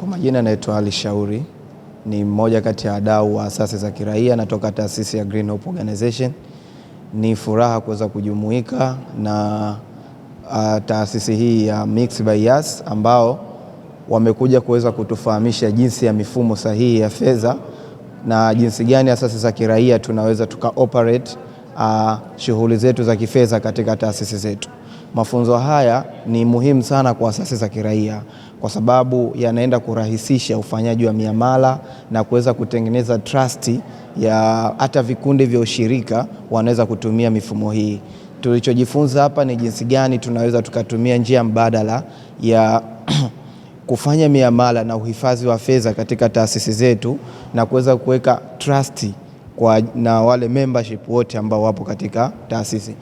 Kwa majina naitwa Ali Shauri, ni mmoja kati ya wadau wa asasi za kiraia, natoka taasisi ya Green Hope Organization. Ni furaha kuweza kujumuika na uh, taasisi hii ya Mix by Us ambao wamekuja kuweza kutufahamisha jinsi ya mifumo sahihi ya fedha na jinsi gani asasi za kiraia tunaweza tuka operate uh, shughuli zetu za kifedha katika taasisi zetu mafunzo haya ni muhimu sana kwa asasi za kiraia kwa sababu yanaenda kurahisisha ufanyaji wa miamala na kuweza kutengeneza trust ya hata vikundi vya ushirika wanaweza kutumia mifumo hii. Tulichojifunza hapa ni jinsi gani tunaweza tukatumia njia mbadala ya kufanya miamala na uhifadhi wa fedha katika taasisi zetu na kuweza kuweka trust kwa na wale membership wote ambao wapo katika taasisi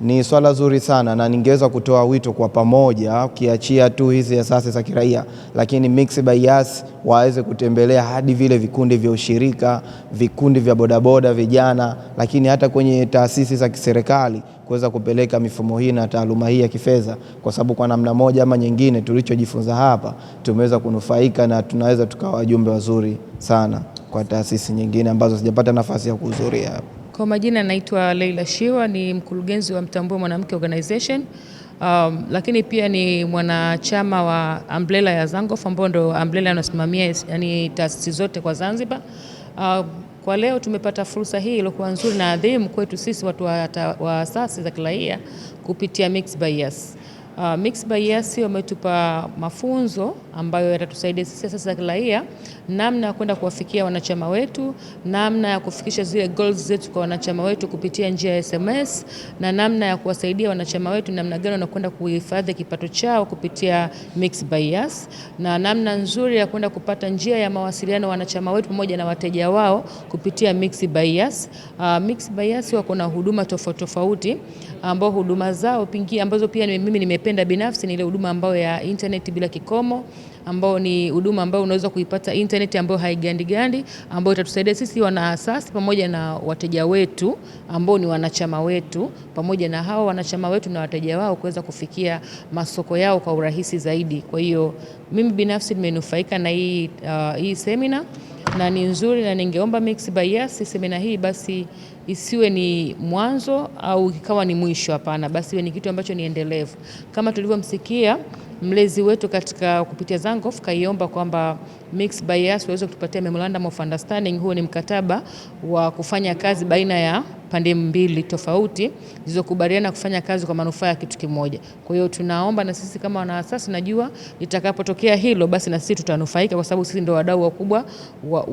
ni swala zuri sana na ningeweza kutoa wito kwa pamoja, ukiachia tu hizi asasi za kiraia, lakini Mix by Yas waweze kutembelea hadi vile vikundi vya ushirika, vikundi vya bodaboda, vijana, lakini hata kwenye taasisi za kiserikali kuweza kupeleka mifumo hii na taaluma hii ya kifedha, kwa sababu kwa namna moja ama nyingine tulichojifunza hapa tumeweza kunufaika na tunaweza tukawa wajumbe wazuri sana kwa taasisi nyingine ambazo sijapata nafasi ya kuhudhuria hapa. Kwa majina naitwa Leila Shiwa, ni mkurugenzi wa Mtambue Mwanamke Organization. Um, lakini pia ni mwanachama wa umbrella ya Zangof ambao ndo umbrella inasimamia yani taasisi zote kwa Zanzibar. Uh, kwa leo tumepata fursa hii iliyokuwa nzuri na adhimu kwetu sisi watu wa, wa asasi za kiraia kupitia Mixx by Uh, Mixx by Yasi wametupa mafunzo ambayo yatatusaidia sisi sasa kiraia, namna ya kwenda kuwafikia wanachama wetu, namna ya kufikisha zile goals zetu kwa wanachama wetu kupitia njia ya SMS na namna ya kuwasaidia wanachama wetu namna gani wanakwenda kuhifadhi kipato chao kupitia Mixx by Yasi, na namna nzuri ya kwenda kupata njia ya mawasiliano wanachama wetu pamoja na wateja wao kupitia Mixx by Yasi. Uh, Mixx by Yasi wako na huduma tofauti tofauti ambao huduma zao pingi ambazo pia mimi nime ninayoipenda binafsi ni ile huduma ambayo ya internet bila kikomo, ambayo ni huduma ambayo unaweza kuipata internet ambayo haigandigandi, ambayo itatusaidia sisi wana asasi pamoja na wateja wetu ambao ni wanachama wetu, pamoja na hao wanachama wetu na wateja wao kuweza kufikia masoko yao kwa urahisi zaidi. Kwa hiyo mimi binafsi nimenufaika na hii, uh, hii semina na ni nzuri, na ningeomba Mixx by Yas semina hii basi isiwe ni mwanzo au ikawa ni mwisho. Hapana, basi iwe ni kitu ambacho ni endelevu, kama tulivyomsikia mlezi wetu katika kupitia Zangof kaiomba kwamba Mixx by Yas waweze kutupatia memorandum of understanding. Huo ni mkataba wa kufanya kazi baina ya pande mbili tofauti zilizokubaliana kufanya kazi kwa manufaa ya kitu kimoja. Kwa hiyo tunaomba na sisi kama wanaasasi, najua litakapotokea hilo, basi na sisi tutanufaika kwa sababu sisi ndio wadau wakubwa wa, wa